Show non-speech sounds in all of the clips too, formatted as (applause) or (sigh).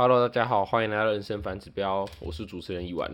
Hello，大家好，歡迎來到人生反指標，我是主持人一完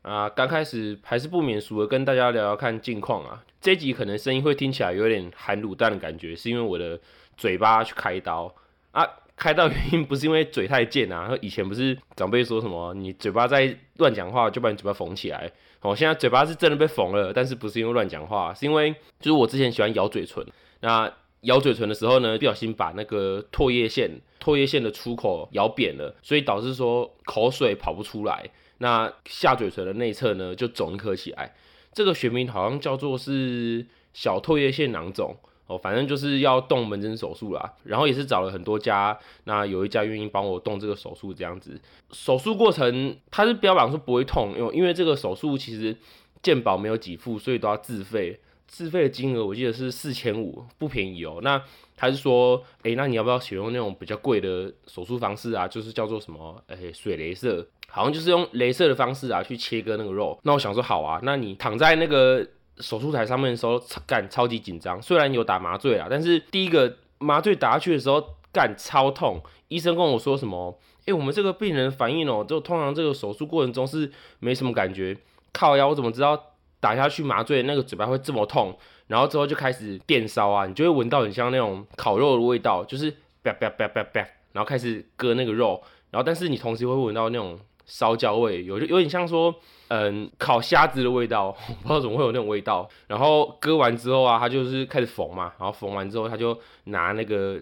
啊。剛開始還是不免俗的跟大家聊聊看近況啊。這集可能聲音會聽起來有點含滷蛋的感覺，是因為我的嘴巴去開刀啊。開刀的原因不是因為嘴太賤啊，以前不是長輩說什麼你嘴巴在亂講話，就把你嘴巴縫起來。我現在嘴巴是真的被縫了，但是不是因為亂講話，是因為就是我之前喜歡咬嘴唇。那咬嘴唇的時候呢，不小心把那個唾液腺唾液腺的出口咬扁了，所以導致說口水跑不出來。那下嘴唇的內側呢，就腫一顆起來。這個學名好像叫做是小唾液腺囊腫哦，反正就是要動門診手術啦。然後也是找了很多家，那有一家願意幫我動這個手術，這樣子。手術過程它是標榜說不會痛，因為這個手術其實健保沒有給付，所以都要自費。自費的金額我記得是四千五，不便宜哦。那他是說，欸，那你要不要使用那種比較貴的手術方式啊？就是叫做什麼，欸，水雷射，好像就是用雷射的方式啊去切割那個肉。那我想說，好啊。那你躺在那個手術台上面的時候，幹超級緊張。雖然有打麻醉啦，但是第一個麻醉打下去的時候，幹超痛。醫生跟我說什麼？欸，我們這個病人反應哦，就通常這個手術過程中是沒什麼感覺。靠腰，我怎麼知道？打下去麻醉，那個嘴巴會這麼痛，然後之後就開始電燒啊，你就會聞到很像那種烤肉的味道，就是啪啪啪啪啪啪啪，然後開始割那個肉，然後但是你同時會聞到那種燒焦味，有就有點像說，嗯，烤蝦子的味道，不知道怎麼會有那種味道。然後割完之後啊，他就是開始縫嘛，然後縫完之後他就拿那個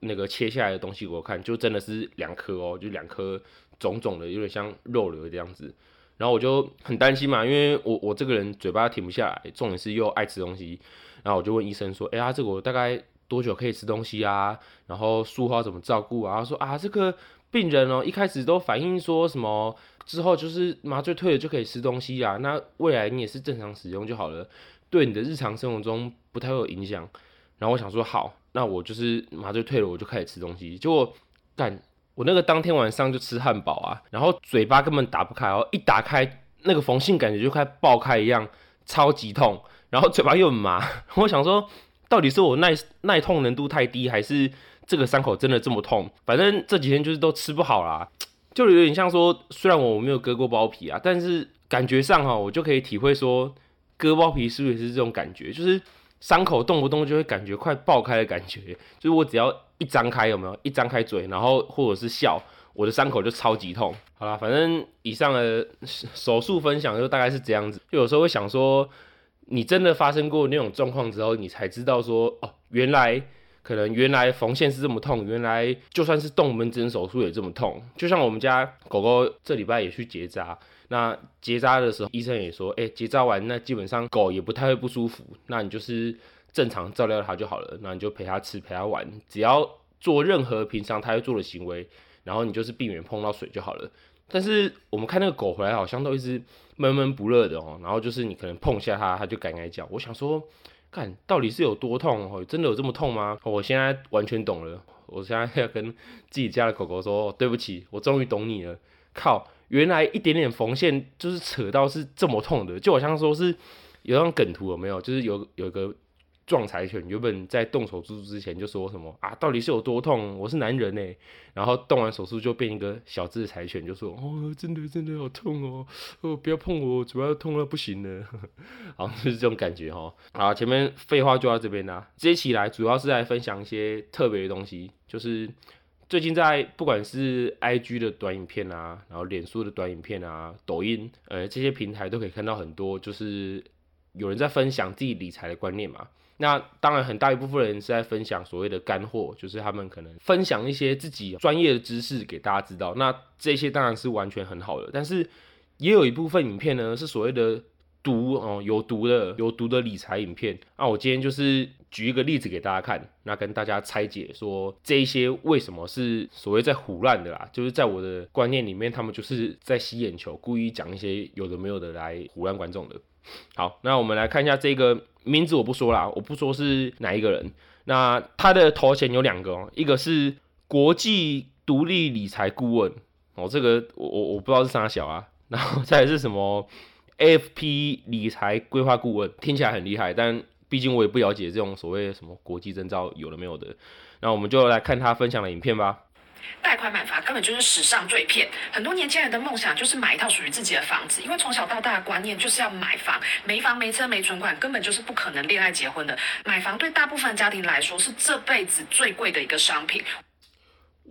那個切下來的東西給我看，就真的是兩顆哦，就兩顆腫腫的，有點像肉瘤這樣子。然後我就很擔心嘛，因為我我這個人嘴巴停不下來，重點是又愛吃東西。然後我就問醫生說，哎呀、啊，這個我大概多久可以吃東西啊？然後術後怎麼照顧啊？然後說啊，這個病人哦，一開始都反映說什麼，之後就是麻醉退了就可以吃東西啊。那未來你也是正常使用就好了，對你的日常生活中不太會有影響。然後我想說好，那我就是麻醉退了我就開始吃東西，結果幹。我那個當天晚上就吃漢堡啊，然後嘴巴根本打不開，哦，一打開那個縫線感覺就快爆開一樣，超級痛，然後嘴巴又很麻。我想說，到底是我耐耐痛程度太低，還是這個傷口真的這麼痛？反正這幾天就是都吃不好啦、啊，就有點像說，雖然我沒有割過包皮啊，但是感覺上哈、哦，我就可以體會說，割包皮是不是，也是這種感覺，就是。傷口動不動就會感覺快爆開的感覺，就是我只要一張開有沒有一張開嘴，然後或者是笑，我的傷口就超級痛。好啦，反正以上的手術分享就大概是這樣子，就有時候會想說，你真的發生過那種狀況之後，你才知道說哦，原來。可能原來縫線是這麼痛，原來就算是動門診手術也這麼痛。就像我們家狗狗這禮拜也去結紮，那結紮的時候醫生也說，誒、欸，結紮完那基本上狗也不太會不舒服，那你就是正常照料它就好了。那你就陪它吃，陪它玩，只要做任何平常它會做的行為，然後你就是避免碰到水就好了。但是我們看那個狗回來好像都一直悶悶不樂的哦、喔，然後就是你可能碰下它，它就哀哀叫。我想說。看，到底是有多痛哦？真的有這麼痛嗎？我現在完全懂了。我現在要跟自己家的狗狗說：“對不起，我終於懂你了。”靠，原來一點點縫線就是扯到是這麼痛的，就好像說是有張梗圖有沒有？就是有有一個。撞柴犬原本在動手術之前就說什麼啊？到底是有多痛？我是男人耶，然後動完手術就變一個小隻柴犬，就說哦，真的真的好痛哦，哦，不要碰我，我主要痛到不行了，然 (laughs) 後就是這種感覺哈。好，前面廢話就到這邊啦。這一期來主要是來分享一些特別的東西，就是最近在不管是 IG 的短影片啊，然後臉書的短影片啊，抖音，呃，這些平台都可以看到很多，就是有人在分享自己理財的觀念嘛。那當然，很大一部分人是在分享所謂的乾貨，就是他們可能分享一些自己專業的知識給大家知道。那這些當然是完全很好的，但是也有一部分影片呢是所謂的毒哦，有毒的、有毒的理財影片。啊，我今天就是舉一個例子給大家看，那跟大家拆解說這一些為什麼是所謂在唬爛的啦，就是在我的觀念裡面，他們就是在吸眼球，故意講一些有的沒有的來唬爛觀眾的。好，那我們來看一下這個名字，我不說啦，我不說是哪一個人。那他的頭銜有兩個哦，一個是國際獨立理財顧問哦，這個我我我不知道是啥小啊，然後再來是什麼 AFP 理財規劃顧問，聽起來很厲害，但畢竟我也不了解這種所謂什麼國際證照，有的沒有的。那我們就來看他分享的影片吧。貸款買房根本就是史上最騙，很多年輕人的夢想就是買一套屬於自己的房子，因為從小到大的觀念就是要買房，沒房沒車沒存款，根本就是不可能戀愛結婚的。買房對大部分家庭來說是這輩子最貴的一個商品。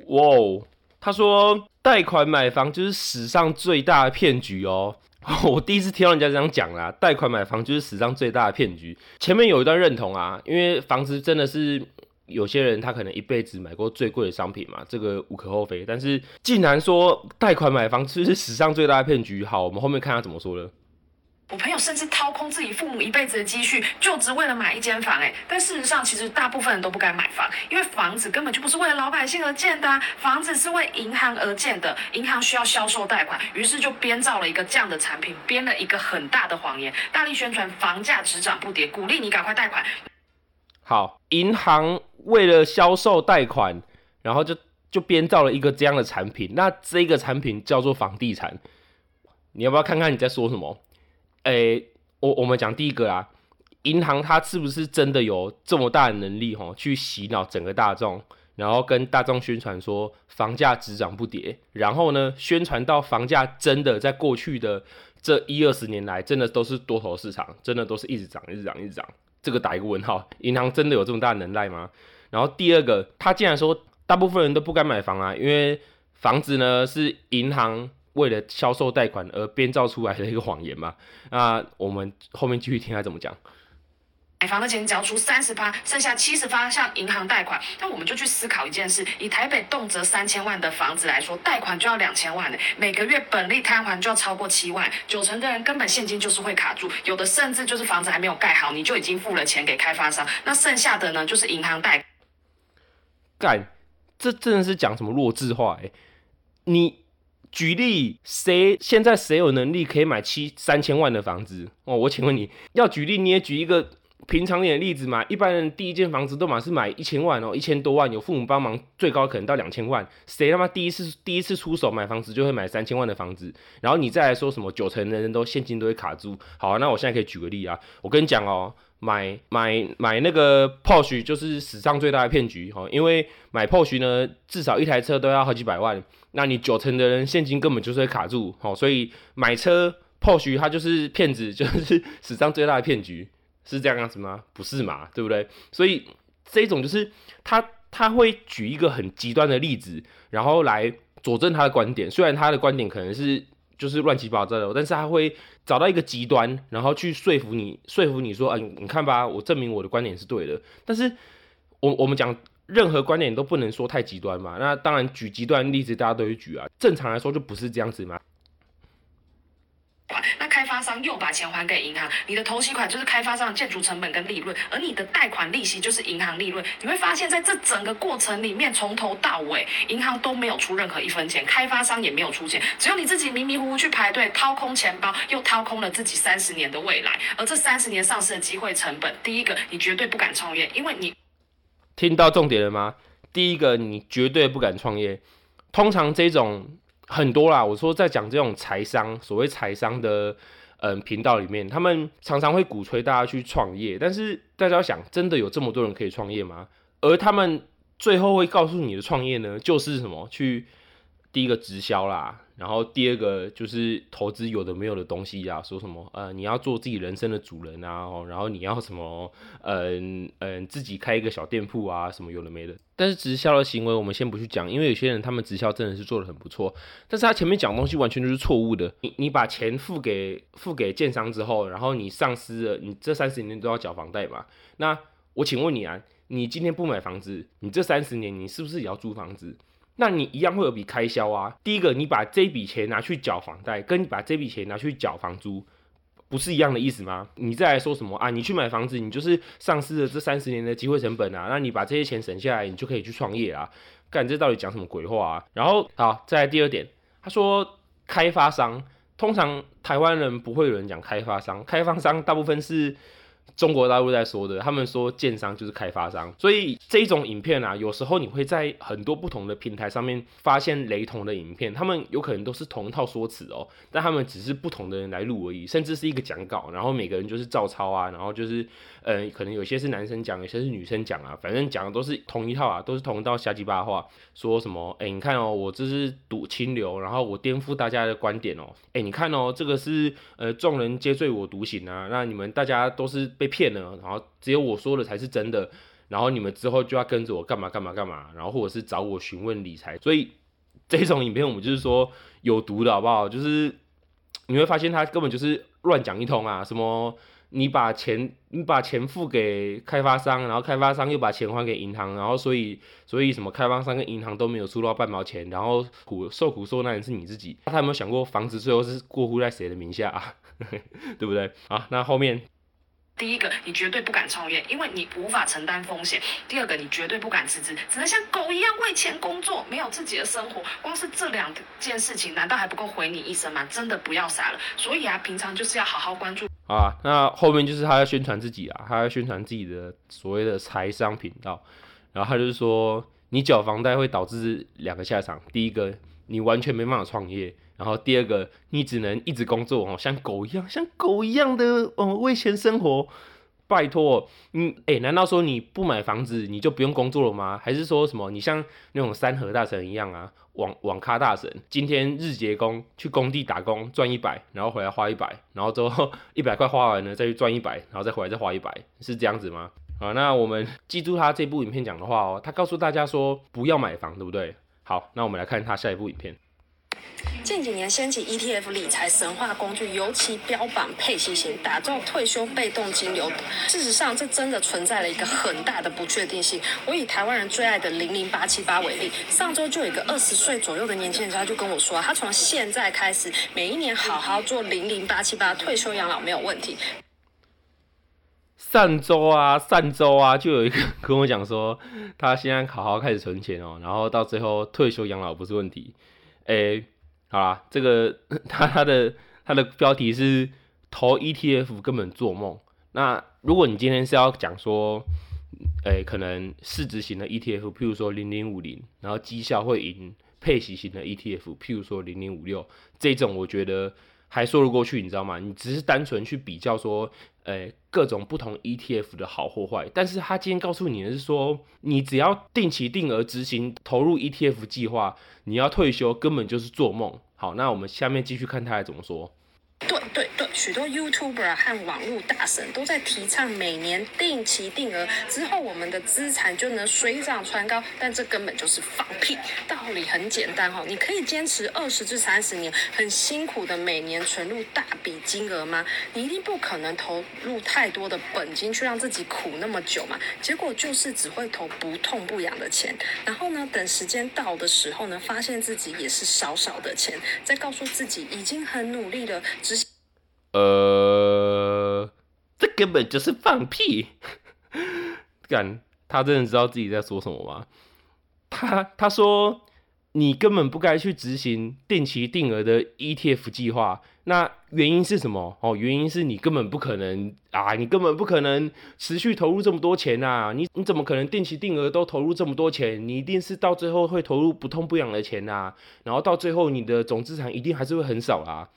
哇哦，他說貸款買房就是史上最大的騙局哦，我第一次聽到人家這樣講啦，貸款買房就是史上最大的騙局。前面有一段認同啊，因為房子真的是。有些人他可能一輩子買過最貴的商品嘛，這個無可厚非。但是，既然說貸款買房子是史上最大的騙局，好，我們後面看他怎麼說呢？我朋友甚至掏空自己父母一輩子的積蓄，就只為了買一間房誒，但事實上，其實大部分人都不該買房，因為房子根本就不是為了老百姓而建的，啊，房子是為銀行而建的。銀行需要銷售貸款，於是就編造了一個這樣的產品，編了一個很大的謊言，大力宣傳房價只漲不跌，鼓勵你趕快貸款。好，銀行。為了銷售貸款，然後就就編造了一個這樣的產品。那這個產品叫做房地產，你要不要看看你在說什麼？誒，我我們講第一個啊，銀行它是不是真的有這麼大的能力哈，去洗腦整個大眾，然後跟大眾宣傳說房價只漲不跌，然後呢宣傳到房價真的在過去的這一二十年來，真的都是多頭市場，真的都是一直漲，一直漲、一直漲、一直漲。這個打一個問號，銀行真的有這麼大的能耐嗎？然後第二個，他竟然說大部分人都不該買房啊，因為房子呢是銀行為了銷售貸款而編造出來的一個謊言嘛。那我們後面繼續聽他怎麼講。買房的錢交出三十趴，剩下七十趴向銀行貸款。那我們就去思考一件事：以台北動輒三千萬的房子來說，貸款就要兩千萬呢，每個月本利攤還就要超過七萬，九成的人根本現金就是會卡住，有的甚至就是房子還沒有蓋好，你就已經付了錢給開發商，那剩下的呢就是銀行貸款。幹，這真的是講什麼弱智話誒、欸，你舉例誰，誰現在誰有能力可以買七三千萬的房子哦？我請問你要舉例，你也舉一個。平常點例子嘛，一般人第一間房子都嘛是買一千萬哦，一千多萬有父母幫忙，最高可能到兩千萬。誰他媽第一次第一次出手買房子就會買三千萬的房子？然後你再來說什麼九成的人都現金都會卡住？好啊，那我現在可以舉個例啊，我跟你講哦，買買買那個 Porsche 就是史上最大的騙局哦，因為買 Porsche 呢至少一台車都要好幾百萬，那你九成的人現金根本就是會卡住，好，所以買車 Porsche 它就是騙子，就是史上最大的騙局。是這樣樣子嗎？不是嘛，對不對？所以這種就是他他會舉一個很極端的例子，然後來佐證他的觀點。雖然他的觀點可能是就是亂七八糟的，但是他會找到一個極端，然後去說服你，說服你說，嗯、呃，你看吧，我證明我的觀點是對的。但是我我們講任何觀點都不能說太極端嘛。那當然，舉極端的例子大家都會舉啊。正常來說就不是這樣子嘛。那開發商又把錢還給銀行，你的頭期款就是開發商的建築成本跟利潤，而你的貸款利息就是銀行利潤。你會發現在這整個過程裡面，從頭到尾，銀行都沒有出任何一分錢，開發商也沒有出錢，只有你自己迷迷糊糊去排隊，掏空錢包，又掏空了自己三十年的未來。而這三十年喪失的機會成本，第一個你絕對不敢創業，因為你聽到重點了嗎？第一個你絕對不敢創業，通常這種。很多啦，我說在講這種財商，所謂財商的，嗯，頻道裡面，他們常常會鼓吹大家去創業，但是大家想，真的有這麼多人可以創業嗎？而他們最後會告訴你的創業呢，就是什麼？去第一個直銷啦。然後第二個就是投資有的沒有的東西啊，說什麼呃，你要做自己人生的主人啊，哦、然後你要什麼，嗯、呃、嗯、呃，自己開一個小店鋪啊，什麼有的沒的。但是直銷的行為我們先不去講，因為有些人他們直銷真的是做的很不錯，但是他前面講東西完全就是錯誤的。你你把錢付給付給建商之後，然後你喪失了，你這三十年都要繳房貸嘛？那我請問你啊，你今天不買房子，你這三十年你是不是也要租房子？那你一樣會有筆開銷啊。第一個，你把這筆錢拿去繳房貸，跟你把這筆錢拿去繳房租，不是一樣的意思嗎？你再來說什麼啊？你去買房子，你就是喪失了這三十年的機會成本啊。那你把這些錢省下來，你就可以去創業啊。幹，這到底講什麼鬼話啊？然後，好，再來第二點，他說開發商，通常台灣人不會有人講開發商，開發商大部分是。中國大陸在說的，他們說建商就是開發商，所以這一種影片啊，有時候你會在很多不同的平台上面發現雷同的影片，他們有可能都是同一套說辭哦、喔，但他們只是不同的人來錄而已，甚至是一個講稿，然後每個人就是照抄啊，然後就是，嗯、呃，可能有些是男生講，有些是女生講啊，反正講的都是同一套啊，都是同一套瞎雞巴話，說什麼？哎、欸，你看哦、喔，我這是股清流，然後我顛覆大家的觀點哦、喔，哎、欸，你看哦、喔，這個是呃，眾人皆醉我獨醒啊，那你們大家都是。被騙了，然後只有我說的才是真的，然後你們之後就要跟着我幹嘛幹嘛幹嘛，然後或者是找我詢問理財，所以這種影片我們就是說有毒的好不好？就是你會發現他根本就是亂講一通啊，什麼你把錢你把錢付給開發商，然後開發商又把錢還給銀行，然後所以所以什麼開發商跟銀行都沒有出到半毛錢，然後苦受苦受難的是你自己，那他有沒有想過房子最後是過戶在誰的名下，啊？ (laughs) 對不對？啊，那後面。第一個，你絕對不敢創業，因為你無法承擔風險；第二個，你絕對不敢辭職，只能像狗一樣為錢工作，沒有自己的生活。光是這兩件事情，難道還不夠毀你一生嗎？真的不要傻了。所以啊，平常就是要好好關注。好啊，那後面就是他要宣傳自己啊，他要宣傳自己的所謂的財商頻道。然後他就是說，你繳房貸會導致兩個下場：第一個，你完全沒辦法創業。然後第二個，你只能一直工作哦，像狗一樣，像狗一樣的哦，為錢生活。拜托，你哎、欸，難道說你不買房子你就不用工作了嗎？還是說什麼你像那種三和大神一樣啊，網網咖大神，今天日結工去工地打工賺一百，然後回來花一百，然後之後一百塊花完了再去賺一百，然後再回來再花一百，是這樣子嗎？啊，那我們記住他這部影片講的話哦，他告訴大家說不要買房，對不對？好，那我們來看他下一部影片。近幾年掀起 ETF 理財神話工具，尤其標榜配息型，打造退休被動金流。事實上，這真的存在了一個很大的不確定性。我以台灣人最愛的零零八七八為例，上周就有一個二十歲左右的年輕人，他就跟我說，他從現在開始，每一年好好做零零八七八退休養老沒有問題。上周啊，上周啊，就有一個跟我講說，他現在好好開始存錢哦、喔，然後到最後退休養老不是問題。誒、欸。好啦，這個他他的他的標題是投 ETF 根本做夢。那如果你今天是要講說，誒、欸，可能市值型的 ETF，譬如說零零五零，然後績效會贏配息型的 ETF，譬如說零零五六，這種我覺得還說得過去，你知道嗎？你只是單純去比較說。誒，各種不同 ETF 的好或壞，但是他今天告訴你的是說，你只要定期定額執行投入 ETF 計劃，你要退休根本就是做夢。好，那我們下面繼續看他還怎麼說。對對對，許多 YouTuber 和網絡大神都在提倡每年定期定額，之後我們的資產就能水漲船高，但這根本就是放屁。道理很簡單哈、哦，你可以堅持二十至三十年，很辛苦的每年存入大筆金額嗎？你一定不可能投入太多的本金去讓自己苦那麼久嘛。結果就是只會投不痛不癢的錢，然後呢，等時間到的時候呢，發現自己也是少少的錢，再告訴自己已經很努力了。呃，這根本就是放屁！幹， (laughs) 他真的知道自己在說什麼嗎？他他說你根本不該去執行定期定額的 ETF 計劃。那原因是什麼？哦，原因是你根本不可能啊，你根本不可能持續投入這麼多錢啊。你你怎麼可能定期定額都投入這麼多錢？你一定是到最後會投入不痛不癢的錢啊。然後到最後，你的總資產一定還是會很少啦。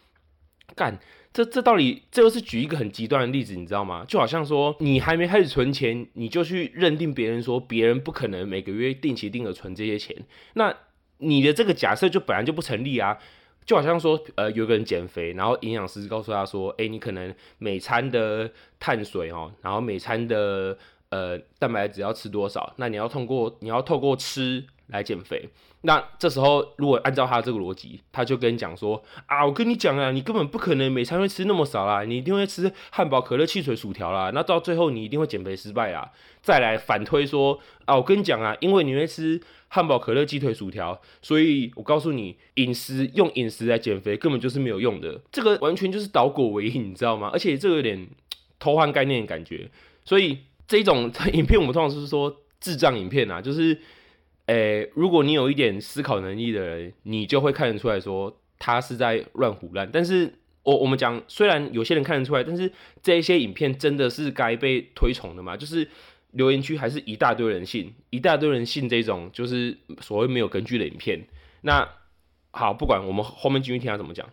幹。這這道理，這個是舉一個很極端的例子，你知道嗎？就好像說，你還沒開始存錢，你就去認定別人說，別人不可能每個月定期定額存這些錢，那你的這個假設就本來就不成立啊！就好像說，呃，有個人減肥，然後營養師告訴他說，哎，你可能每餐的碳水哦，然後每餐的呃蛋白質要吃多少，那你要通過你要透過吃來減肥。那這時候，如果按照他這個邏輯，他就跟你講說啊，我跟你講啊，你根本不可能每餐會吃那麼少啦，你一定會吃漢堡、可樂、汽水、薯條啦。那到最後，你一定會減肥失敗啊。再來反推說啊，我跟你講啊，因為你會吃漢堡、可樂、雞腿、薯條，所以我告訴你，飲食用飲食來減肥根本就是沒有用的，這個完全就是倒果為因，你知道嗎？而且這個有點偷換概念的感覺。所以這種這影片，我們通常就是說智障影片啊，就是。誒、欸，如果你有一點思考能力的人，你就會看得出來說他是在亂唬爛。但是，我我們講，雖然有些人看得出來，但是這些影片，真的是該被推崇的嗎？就是留言區還是一大堆人信，一大堆人信這種就是所謂沒有根據的影片。那好，不管我們後面繼續聽他怎麼講。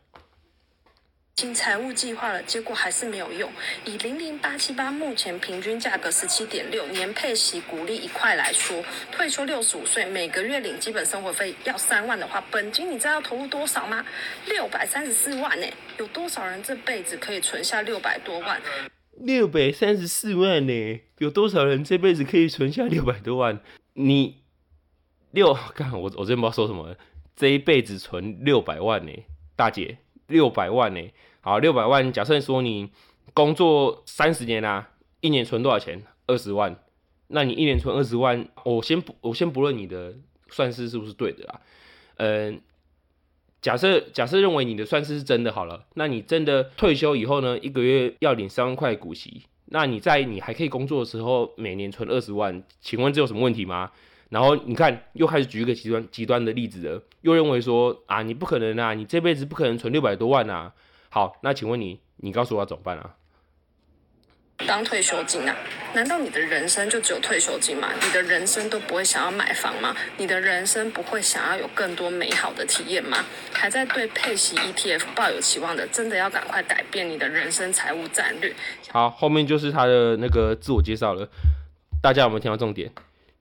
新財務計劃了，結果還是沒有用。以零零八七八目前平均價格十七點六年配息股利一塊來說，退休六十五歲，每個月領基本生活費要三萬的話，本金你知道要投入多少嗎？六百三十四萬呢？有多少人這輩子可以存下六百多萬？六百三十四萬呢？有多少人這輩子可以存下六百多萬？你六，幹，我我真不知道說什麼。這一輩子存六百萬呢，大姐。六百萬呢？好，六百萬。假設說你工作三十年啦、啊，一年存多少錢？二十萬。那你一年存二十萬，我先不，我先不論你的算式是不是對的啦。嗯，假設假設認為你的算式是真的好了，那你真的退休以後呢，一個月要領三萬塊的股息。那你在你還可以工作的時候，每年存二十萬，請問這有什麼問題嗎？然後你看，又開始舉一個極端極端的例子了，又認為說啊，你不可能啊，你這輩子不可能存六百多萬啊。好，那請問你，你告訴我要怎麼辦啊？當退休金啊？難道你的人生就只有退休金嗎？你的人生都不會想要買房嗎？你的人生不會想要有更多美好的體驗嗎？還在對配息 ETF 抱有期望的，真的要趕快改變你的人生財務戰略。好，後面就是他的那個自我介紹了，大家有沒有聽到重點？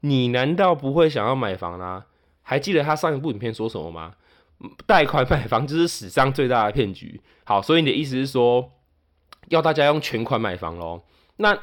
你難道不會想要買房啦、啊？還記得他上一部影片說什麼嗎？貸款買房就是史上最大的騙局。好，所以你的意思是說，要大家用全款買房嘍？那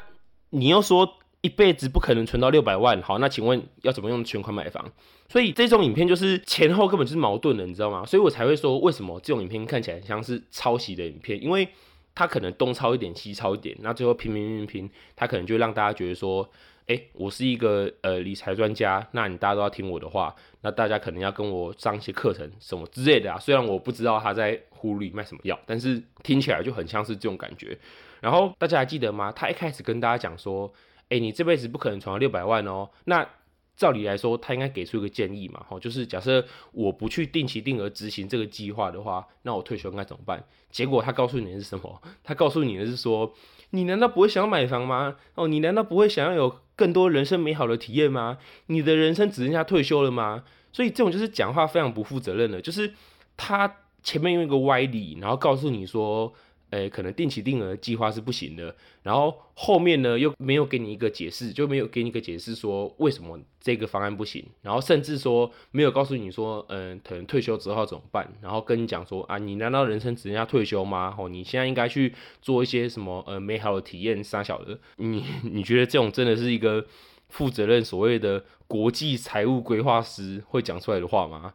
你又說一輩子不可能存到六百萬，好，那請問要怎麼用全款買房？所以這種影片就是前後根本就是矛盾的，你知道嗎？所以我才會說，為什麼這種影片看起來像是抄襲的影片，因為。他可能東抄一點，西抄一點，那最後拼拼拼拼，他可能就讓大家覺得說，哎、欸，我是一個呃理財專家，那你大家都要聽我的話，那大家可能要跟我上一些課程什麼之類的啊。雖然我不知道他在葫蘆裡賣什麼藥，但是聽起來就很像是這種感覺。然後大家還記得嗎？他一開始跟大家講說，哎、欸，你這輩子不可能存了六百萬哦。那照理來說，他應該給出一個建議嘛，吼，就是假設我不去定期定額執行這個計劃的話，那我退休應該怎麼辦？結果他告訴你的是什麼？他告訴你的是說，你難道不會想要買房嗎？哦，你難道不會想要有更多人生美好的體驗嗎？你的人生只剩下退休了嗎？所以這種就是講話非常不負責任的，就是他前面用一個歪理，然後告訴你說，呃，可能定期定額的計劃是不行的，然後後面呢又沒有給你一個解釋，就沒有給你一個解釋說為什麼這個方案不行，然後甚至說沒有告訴你說，嗯、呃，可能退休之後怎麼辦？然後跟你講說啊，你難道人生只剩下退休嗎？哦，你現在應該去做一些什麼呃美好的體驗三小的？你你覺得這種真的是一個負責任所謂的國際財務規劃師會講出來的話嗎？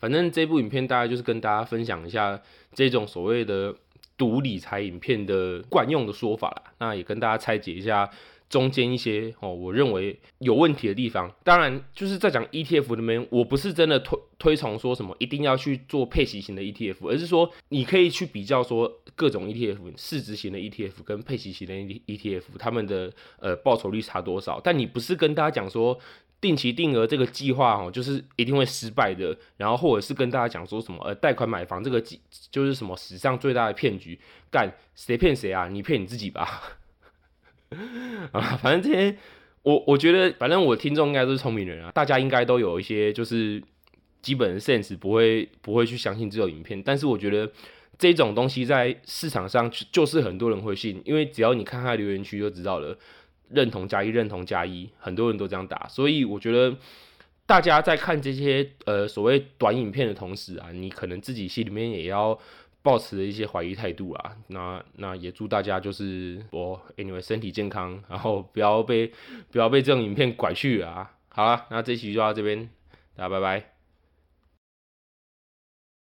反正這部影片大概就是跟大家分享一下這種所謂的。讀理財影片的慣用的說法啦，那也跟大家拆解一下中間一些哦、喔，我認為有問題的地方。當然就是在講 ETF 裡面，我不是真的推推崇說什麼一定要去做配息型的 ETF，而是說你可以去比較說各種 ETF，市值型的 ETF 跟配息型的 ETF，他們的呃報酬率差多少。但你不是跟大家講說。定期定額這個計劃哦，就是一定會失敗的。然後或者是跟大家講說什麼呃，貸款買房這個計就是什麼史上最大的騙局，幹誰騙誰啊？你騙你自己吧。啊， (laughs) 反正這些我我覺得，反正我聽眾應該都是聰明人啊，大家應該都有一些就是基本的 sense，不會不會去相信這種影片。但是我覺得這種東西在市場上就是很多人會信，因為只要你看他的留言區就知道了。認同加一，1，認同加一，1，很多人都這樣打，所以我覺得大家在看這些呃所謂短影片的同時啊，你可能自己心裡面也要抱持一些懷疑態度啊。那那也祝大家就是我、oh, anyway 身體健康，然後不要被不要被這種影片拐去了啊。好了、啊，那這期就到這邊，大家拜拜。